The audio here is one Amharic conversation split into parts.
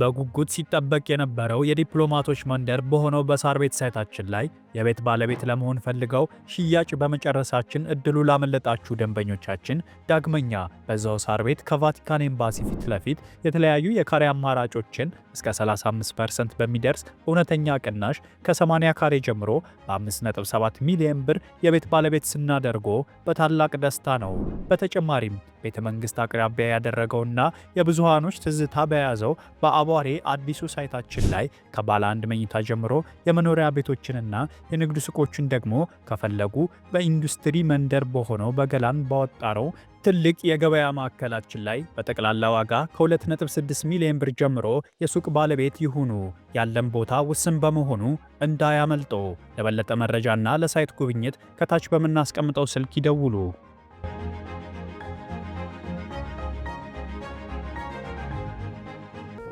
በጉጉት ሲጠበቅ የነበረው የዲፕሎማቶች መንደር በሆነው በሳር ቤት ሳይታችን ላይ የቤት ባለቤት ለመሆን ፈልገው ሽያጭ በመጨረሳችን እድሉ ላመለጣችሁ ደንበኞቻችን ዳግመኛ በዛው ሳር ቤት ከቫቲካን ኤምባሲ ፊት ለፊት የተለያዩ የካሬ አማራጮችን እስከ 35% በሚደርስ እውነተኛ ቅናሽ ከ80 ካሬ ጀምሮ በ5.7 ሚሊዮን ብር የቤት ባለቤት ስናደርጎ በታላቅ ደስታ ነው። በተጨማሪም ቤተ መንግስት አቅራቢያ ያደረገውና የብዙሃኖች ትዝታ በያዘው በአቧሬ አዲሱ ሳይታችን ላይ ከባለ አንድ መኝታ ጀምሮ የመኖሪያ ቤቶችንና የንግድ ሱቆችን ደግሞ ከፈለጉ በኢንዱስትሪ መንደር በሆነው በገላን ባወጣረው ትልቅ የገበያ ማዕከላችን ላይ በጠቅላላ ዋጋ ከ2.6 ሚሊዮን ብር ጀምሮ የሱቅ ባለቤት ይሁኑ። ያለን ቦታ ውስን በመሆኑ እንዳያመልጦ። ለበለጠ መረጃና ለሳይት ጉብኝት ከታች በምናስቀምጠው ስልክ ይደውሉ።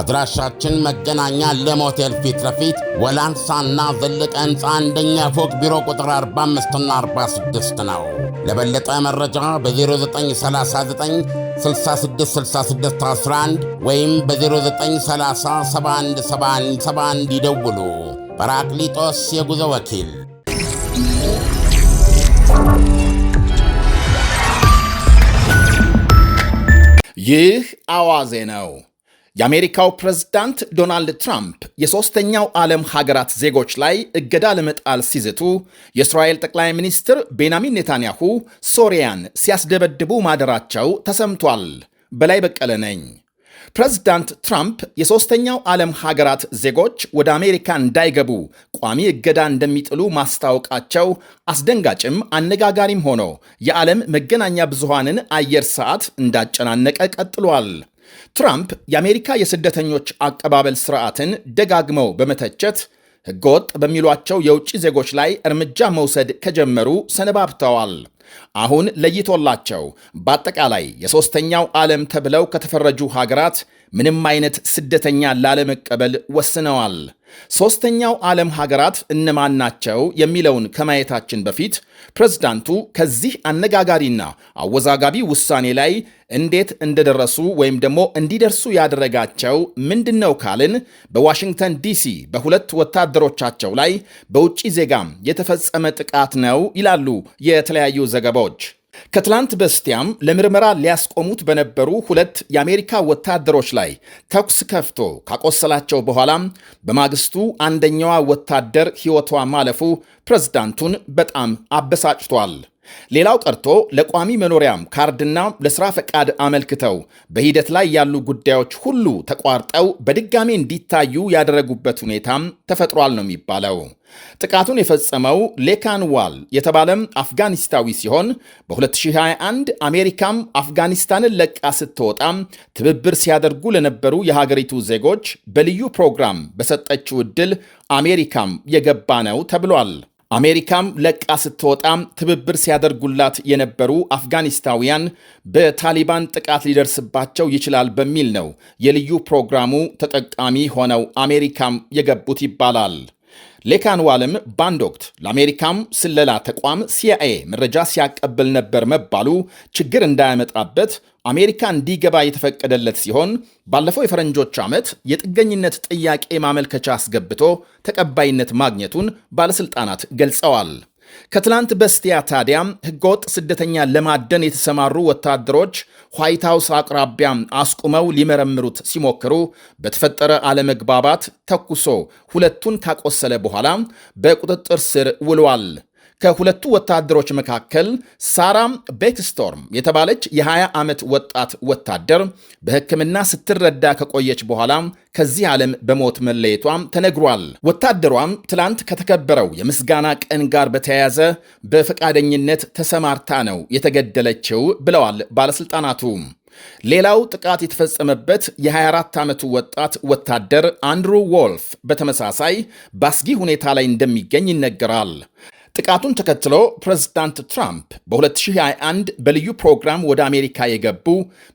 አድራሻችን መገናኛ ለሞቴል ፊት ለፊት ወላንሳና ዘለቀ ህንፃ አንደኛ ፎቅ ቢሮ ቁጥር 45ና 46 ነው። ለበለጠ መረጃ በ0939 666611 ወይም በ0930717171 ይደውሉ። ጰራቅሊጦስ የጉዞ ወኪል ይህ አዋዜ ነው። የአሜሪካው ፕሬዝዳንት ዶናልድ ትራምፕ የሦስተኛው ዓለም ሀገራት ዜጎች ላይ እገዳ ለመጣል ሲዝቱ የእስራኤል ጠቅላይ ሚኒስትር ቤንያሚን ኔታንያሁ ሶሪያን ሲያስደበድቡ ማደራቸው ተሰምቷል። በላይ በቀለ ነኝ። ፕሬዝዳንት ትራምፕ የሦስተኛው ዓለም ሀገራት ዜጎች ወደ አሜሪካ እንዳይገቡ ቋሚ እገዳ እንደሚጥሉ ማስታወቃቸው አስደንጋጭም አነጋጋሪም ሆኖ የዓለም መገናኛ ብዙሃንን አየር ሰዓት እንዳጨናነቀ ቀጥሏል። ትራምፕ የአሜሪካ የስደተኞች አቀባበል ስርዓትን ደጋግመው በመተቸት ህገወጥ በሚሏቸው የውጭ ዜጎች ላይ እርምጃ መውሰድ ከጀመሩ ሰነባብተዋል። አሁን ለይቶላቸው በአጠቃላይ የሦስተኛው ዓለም ተብለው ከተፈረጁ ሀገራት ምንም አይነት ስደተኛ ላለመቀበል ወስነዋል። ሦስተኛው ዓለም ሀገራት እነማን ናቸው የሚለውን ከማየታችን በፊት ፕሬዝዳንቱ ከዚህ አነጋጋሪና አወዛጋቢ ውሳኔ ላይ እንዴት እንደደረሱ ወይም ደግሞ እንዲደርሱ ያደረጋቸው ምንድን ነው ካልን በዋሽንግተን ዲሲ በሁለት ወታደሮቻቸው ላይ በውጭ ዜጋም የተፈጸመ ጥቃት ነው ይላሉ የተለያዩ ዘገባዎች። ከትላንት በስቲያም ለምርመራ ሊያስቆሙት በነበሩ ሁለት የአሜሪካ ወታደሮች ላይ ተኩስ ከፍቶ ካቆሰላቸው በኋላም በማግስቱ አንደኛዋ ወታደር ሕይወቷ ማለፉ ፕሬዝዳንቱን በጣም አበሳጭቷል። ሌላው ቀርቶ ለቋሚ መኖሪያም ካርድና ለስራ ፈቃድ አመልክተው በሂደት ላይ ያሉ ጉዳዮች ሁሉ ተቋርጠው በድጋሜ እንዲታዩ ያደረጉበት ሁኔታም ተፈጥሯል ነው የሚባለው። ጥቃቱን የፈጸመው ሌካንዋል የተባለም አፍጋኒስታዊ ሲሆን በ2021 አሜሪካም አፍጋኒስታንን ለቃ ስትወጣም ትብብር ሲያደርጉ ለነበሩ የሀገሪቱ ዜጎች በልዩ ፕሮግራም በሰጠችው ዕድል አሜሪካም የገባ ነው ተብሏል። አሜሪካም ለቃ ስትወጣ ትብብር ሲያደርጉላት የነበሩ አፍጋኒስታውያን በታሊባን ጥቃት ሊደርስባቸው ይችላል በሚል ነው የልዩ ፕሮግራሙ ተጠቃሚ ሆነው አሜሪካም የገቡት ይባላል። ሌካንዋልም በአንድ ወቅት ለአሜሪካም ስለላ ተቋም ሲአይኤ መረጃ ሲያቀብል ነበር መባሉ ችግር እንዳያመጣበት አሜሪካ እንዲገባ የተፈቀደለት ሲሆን ባለፈው የፈረንጆች ዓመት የጥገኝነት ጥያቄ ማመልከቻ አስገብቶ ተቀባይነት ማግኘቱን ባለሥልጣናት ገልጸዋል። ከትላንት በስቲያ ታዲያም ሕገወጥ ስደተኛ ለማደን የተሰማሩ ወታደሮች ዋይት አቅራቢያ አስቁመው ሊመረምሩት ሲሞክሩ በተፈጠረ አለመግባባት ተኩሶ ሁለቱን ካቆሰለ በኋላ በቁጥጥር ስር ውሏል። ከሁለቱ ወታደሮች መካከል ሳራም ቤክስቶርም የተባለች የ20 ዓመት ወጣት ወታደር በሕክምና ስትረዳ ከቆየች በኋላ ከዚህ ዓለም በሞት መለየቷም ተነግሯል። ወታደሯም ትላንት ከተከበረው የምስጋና ቀን ጋር በተያያዘ በፈቃደኝነት ተሰማርታ ነው የተገደለችው ብለዋል ባለሥልጣናቱ። ሌላው ጥቃት የተፈጸመበት የ24 ዓመቱ ወጣት ወታደር አንድሩ ዎልፍ በተመሳሳይ በአስጊ ሁኔታ ላይ እንደሚገኝ ይነገራል። ጥቃቱን ተከትሎ ፕሬዝዳንት ትራምፕ በ2021 በልዩ ፕሮግራም ወደ አሜሪካ የገቡ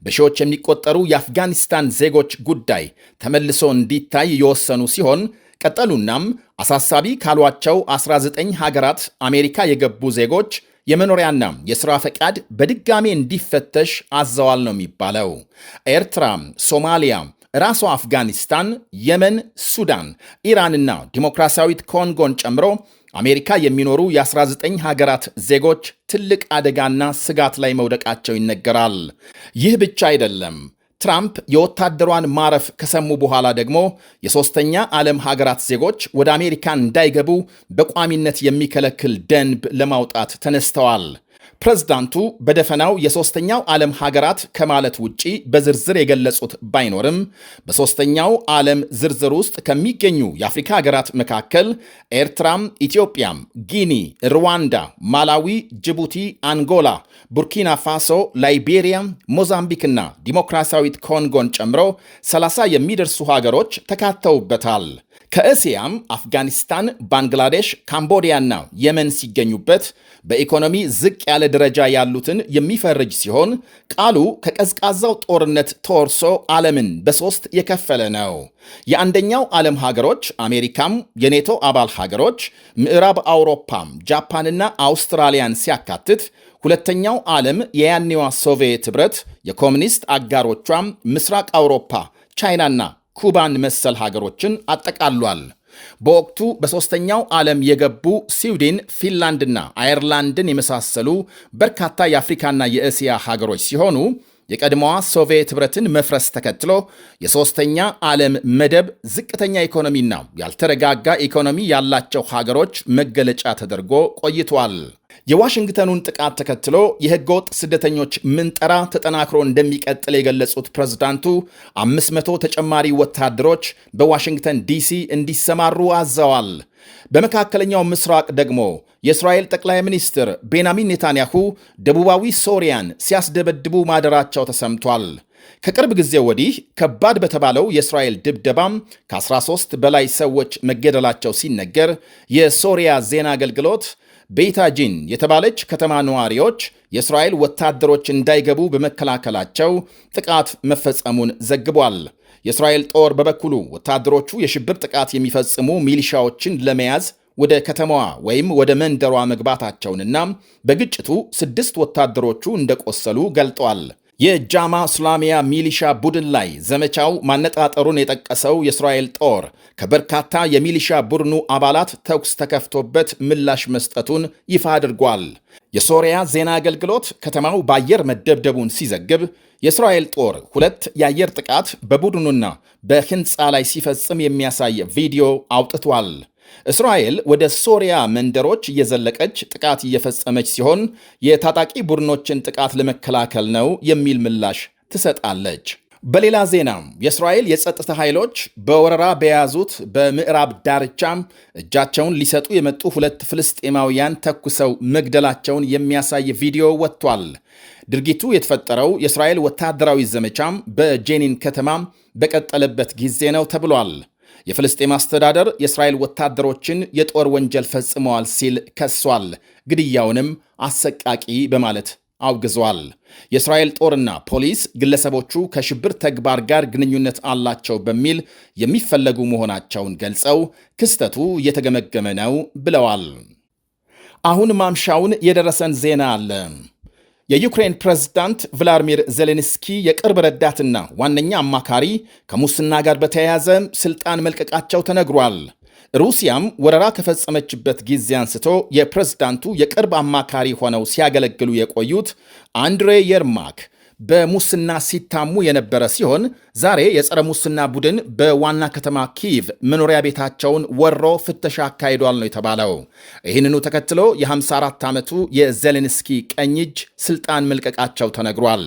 በሺዎች የሚቆጠሩ የአፍጋኒስታን ዜጎች ጉዳይ ተመልሶ እንዲታይ የወሰኑ ሲሆን ቀጠሉናም አሳሳቢ ካሏቸው 19 ሀገራት አሜሪካ የገቡ ዜጎች የመኖሪያና የሥራ ፈቃድ በድጋሜ እንዲፈተሽ አዘዋል ነው የሚባለው። ኤርትራ፣ ሶማሊያ ራሷ አፍጋኒስታን፣ የመን፣ ሱዳን፣ ኢራንና ዲሞክራሲያዊት ኮንጎን ጨምሮ አሜሪካ የሚኖሩ የ19 ሀገራት ዜጎች ትልቅ አደጋና ስጋት ላይ መውደቃቸው ይነገራል። ይህ ብቻ አይደለም። ትራምፕ የወታደሯን ማረፍ ከሰሙ በኋላ ደግሞ የሦስተኛ ዓለም ሀገራት ዜጎች ወደ አሜሪካ እንዳይገቡ በቋሚነት የሚከለክል ደንብ ለማውጣት ተነስተዋል። ፕሬዝዳንቱ በደፈናው የሦስተኛው ዓለም ሀገራት ከማለት ውጪ በዝርዝር የገለጹት ባይኖርም በሦስተኛው ዓለም ዝርዝር ውስጥ ከሚገኙ የአፍሪካ ሀገራት መካከል ኤርትራም፣ ኢትዮጵያም፣ ጊኒ፣ ሩዋንዳ፣ ማላዊ፣ ጅቡቲ፣ አንጎላ፣ ቡርኪና ፋሶ፣ ላይቤሪያ፣ ሞዛምቢክና ዲሞክራሲያዊት ኮንጎን ጨምሮ 30 የሚደርሱ ሀገሮች ተካተውበታል። ከእስያም አፍጋኒስታን፣ ባንግላዴሽ፣ ካምቦዲያና የመን ሲገኙበት በኢኮኖሚ ዝቅ ያለ ደረጃ ያሉትን የሚፈርጅ ሲሆን ቃሉ ከቀዝቃዛው ጦርነት ተወርሶ ዓለምን በሦስት የከፈለ ነው። የአንደኛው ዓለም ሀገሮች አሜሪካም፣ የኔቶ አባል ሀገሮች ምዕራብ አውሮፓም፣ ጃፓንና አውስትራሊያን ሲያካትት ሁለተኛው ዓለም የያኔዋ ሶቪየት ኅብረት፣ የኮሚኒስት አጋሮቿም ምስራቅ አውሮፓ ቻይናና ኩባን መሰል ሀገሮችን አጠቃሏል። በወቅቱ በሦስተኛው ዓለም የገቡ ስዊድን፣ ፊንላንድና አየርላንድን የመሳሰሉ በርካታ የአፍሪካና የእስያ ሀገሮች ሲሆኑ የቀድሞዋ ሶቪየት ኅብረትን መፍረስ ተከትሎ የሦስተኛ ዓለም መደብ ዝቅተኛ ኢኮኖሚና ያልተረጋጋ ኢኮኖሚ ያላቸው ሀገሮች መገለጫ ተደርጎ ቆይቷል። የዋሽንግተኑን ጥቃት ተከትሎ ወጥ ስደተኞች ምንጠራ ተጠናክሮ እንደሚቀጥል የገለጹት ፕሬዝዳንቱ 500 ተጨማሪ ወታደሮች በዋሽንግተን ዲሲ እንዲሰማሩ አዘዋል። በመካከለኛው ምስራቅ ደግሞ የእስራኤል ጠቅላይ ሚኒስትር ቤንያሚን ኔታንያሁ ደቡባዊ ሶሪያን ሲያስደበድቡ ማደራቸው ተሰምቷል። ከቅርብ ጊዜ ወዲህ ከባድ በተባለው የእስራኤል ድብደባም ከ13 በላይ ሰዎች መገደላቸው ሲነገር የሶሪያ ዜና አገልግሎት ቤታጂን የተባለች ከተማ ነዋሪዎች የእስራኤል ወታደሮች እንዳይገቡ በመከላከላቸው ጥቃት መፈጸሙን ዘግቧል። የእስራኤል ጦር በበኩሉ ወታደሮቹ የሽብር ጥቃት የሚፈጽሙ ሚሊሻዎችን ለመያዝ ወደ ከተማዋ ወይም ወደ መንደሯ መግባታቸውንና በግጭቱ ስድስት ወታደሮቹ እንደቆሰሉ ገልጧል። የጃማ እስላሚያ ሚሊሻ ቡድን ላይ ዘመቻው ማነጣጠሩን የጠቀሰው የእስራኤል ጦር ከበርካታ የሚሊሻ ቡድኑ አባላት ተኩስ ተከፍቶበት ምላሽ መስጠቱን ይፋ አድርጓል። የሶሪያ ዜና አገልግሎት ከተማው በአየር መደብደቡን ሲዘግብ የእስራኤል ጦር ሁለት የአየር ጥቃት በቡድኑና በህንፃ ላይ ሲፈጽም የሚያሳይ ቪዲዮ አውጥቷል። እስራኤል ወደ ሶሪያ መንደሮች እየዘለቀች ጥቃት እየፈጸመች ሲሆን የታጣቂ ቡድኖችን ጥቃት ለመከላከል ነው የሚል ምላሽ ትሰጣለች። በሌላ ዜና የእስራኤል የጸጥታ ኃይሎች በወረራ በያዙት በምዕራብ ዳርቻም እጃቸውን ሊሰጡ የመጡ ሁለት ፍልስጤማውያን ተኩሰው መግደላቸውን የሚያሳይ ቪዲዮ ወጥቷል። ድርጊቱ የተፈጠረው የእስራኤል ወታደራዊ ዘመቻም በጄኒን ከተማ በቀጠለበት ጊዜ ነው ተብሏል። የፍልስጤም አስተዳደር የእስራኤል ወታደሮችን የጦር ወንጀል ፈጽመዋል ሲል ከሷል። ግድያውንም አሰቃቂ በማለት አውግዟል። የእስራኤል ጦርና ፖሊስ ግለሰቦቹ ከሽብር ተግባር ጋር ግንኙነት አላቸው በሚል የሚፈለጉ መሆናቸውን ገልጸው ክስተቱ እየተገመገመ ነው ብለዋል። አሁን ማምሻውን የደረሰን ዜና አለ። የዩክሬን ፕሬዝዳንት ቭላዲሚር ዜሌንስኪ የቅርብ ረዳትና ዋነኛ አማካሪ ከሙስና ጋር በተያያዘ ስልጣን መልቀቃቸው ተነግሯል። ሩሲያም ወረራ ከፈጸመችበት ጊዜ አንስቶ የፕሬዝዳንቱ የቅርብ አማካሪ ሆነው ሲያገለግሉ የቆዩት አንድሬ የርማክ በሙስና ሲታሙ የነበረ ሲሆን ዛሬ የጸረ ሙስና ቡድን በዋና ከተማ ኪቭ መኖሪያ ቤታቸውን ወሮ ፍተሻ አካሂዷል ነው የተባለው። ይህንኑ ተከትሎ የ54 ዓመቱ የዜሌንስኪ ቀኝ እጅ ስልጣን መልቀቃቸው ተነግሯል።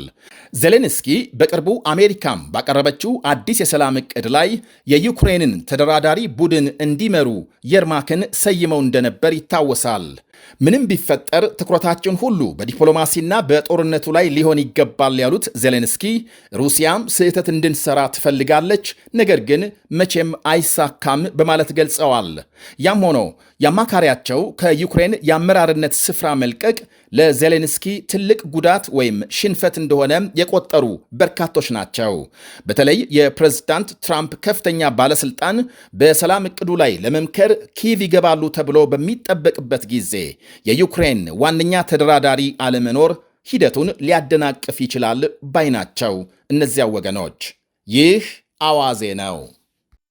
ዜሌንስኪ በቅርቡ አሜሪካም ባቀረበችው አዲስ የሰላም እቅድ ላይ የዩክሬንን ተደራዳሪ ቡድን እንዲመሩ የርማክን ሰይመው እንደነበር ይታወሳል። ምንም ቢፈጠር ትኩረታችን ሁሉ በዲፕሎማሲና በጦርነቱ ላይ ሊሆን ይገባል ያሉት ዜሌንስኪ ሩሲያም ስህተት እንድንሰራ ትፈልጋለች፣ ነገር ግን መቼም አይሳካም በማለት ገልጸዋል። ያም ሆኖ የአማካሪያቸው ከዩክሬን የአመራርነት ስፍራ መልቀቅ ለዜሌንስኪ ትልቅ ጉዳት ወይም ሽንፈት እንደሆነ የቆጠሩ በርካቶች ናቸው። በተለይ የፕሬዝዳንት ትራምፕ ከፍተኛ ባለስልጣን በሰላም እቅዱ ላይ ለመምከር ኪቭ ይገባሉ ተብሎ በሚጠበቅበት ጊዜ የዩክሬን ዋነኛ ተደራዳሪ አለመኖር ሂደቱን ሊያደናቅፍ ይችላል ባይ ናቸው እነዚያ ወገኖች። ይህ አዋዜ ነው።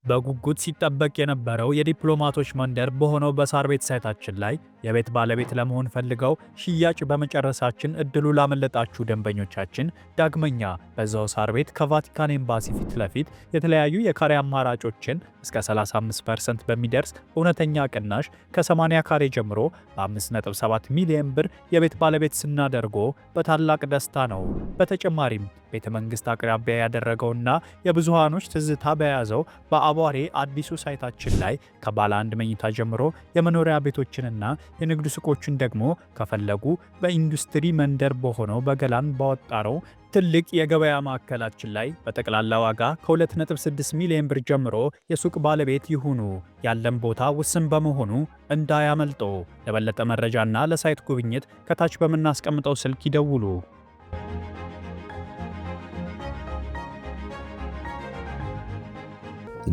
በጉጉት ሲጠበቅ የነበረው የዲፕሎማቶች መንደር በሆነው በሳር ቤት ሳይታችን ላይ የቤት ባለቤት ለመሆን ፈልገው ሽያጭ በመጨረሳችን እድሉ ላመለጣችሁ ደንበኞቻችን ዳግመኛ በዛው ሳር ቤት ከቫቲካን ኤምባሲ ፊት ለፊት የተለያዩ የካሬ አማራጮችን እስከ 35% በሚደርስ እውነተኛ ቅናሽ ከ80 ካሬ ጀምሮ በ5.7 ሚሊዮን ብር የቤት ባለቤት ስናደርጎ በታላቅ ደስታ ነው። በተጨማሪም ቤተ መንግስት አቅራቢያ ያደረገውና የብዙሃኖች ትዝታ በያዘው በአቧሬ አዲሱ ሳይታችን ላይ ከባለ አንድ መኝታ ጀምሮ የመኖሪያ ቤቶችንና የንግድ ሱቆችን ደግሞ ከፈለጉ በኢንዱስትሪ መንደር በሆነው በገላን ባወጣነው ትልቅ የገበያ ማዕከላችን ላይ በጠቅላላ ዋጋ ከ2.6 ሚሊዮን ብር ጀምሮ የሱቅ ባለቤት ይሁኑ። ያለን ቦታ ውስን በመሆኑ እንዳያመልጦ። ለበለጠ መረጃና ለሳይት ጉብኝት ከታች በምናስቀምጠው ስልክ ይደውሉ።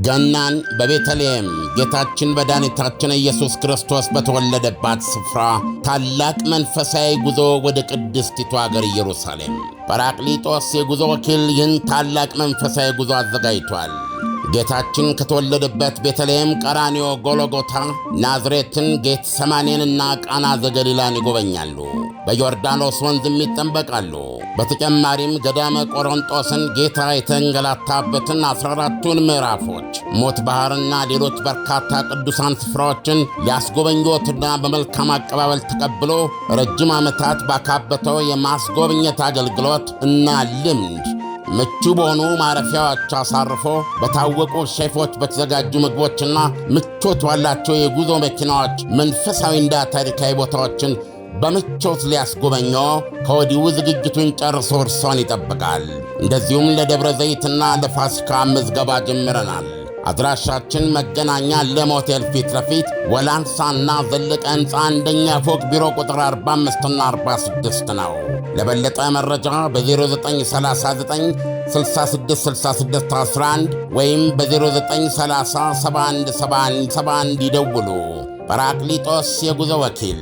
ገናን በቤተልሔም ጌታችን መድኃኒታችን ኢየሱስ ክርስቶስ በተወለደባት ስፍራ ታላቅ መንፈሳዊ ጉዞ ወደ ቅድስቲቱ አገር ኢየሩሳሌም። ጰራቅሊጦስ የጉዞ ወኪል ይህን ታላቅ መንፈሳዊ ጉዞ አዘጋጅቷል። ጌታችን ከተወለደበት ቤተልሔም፣ ቀራኒዮ፣ ጎሎጎታ፣ ናዝሬትን፣ ጌት ሰማኔንና ቃና ዘገሊላን ይጎበኛሉ። በዮርዳኖስ ወንዝም ይጠንበቃሉ። በተጨማሪም ገዳመ ቆሮንጦስን ጌታ የተንገላታበትን 14ቱን ምዕራፎች ሞት ባሕርና ሌሎች በርካታ ቅዱሳን ስፍራዎችን ያስጎበኞትና በመልካም አቀባበል ተቀብሎ ረጅም ዓመታት ባካበተው የማስጎብኘት አገልግሎት እና ልምድ ምቹ በሆኑ ማረፊያዎች አሳርፎ በታወቁ ሼፎች በተዘጋጁ ምግቦችና ምቾት ባላቸው የጉዞ መኪናዎች መንፈሳዊና ታሪካዊ ቦታዎችን በምቾት ሊያስጎበኞ ከወዲሁ ዝግጅቱን ጨርሶ እርሶን ይጠብቃል። እንደዚሁም ለደብረ ዘይትና ለፋሲካ ምዝገባ ጀምረናል። አድራሻችን መገናኛ ለም ሆቴል ፊት ለፊት ወላንሳና ዘለቀ ሕንፃ አንደኛ ፎቅ ቢሮ ቁጥር 45ና 46 ነው። ለበለጠ መረጃ በ0939 666611 ወይም በ0930 ይደውሉ። ጰራቅሊጦስ የጉዞ ወኪል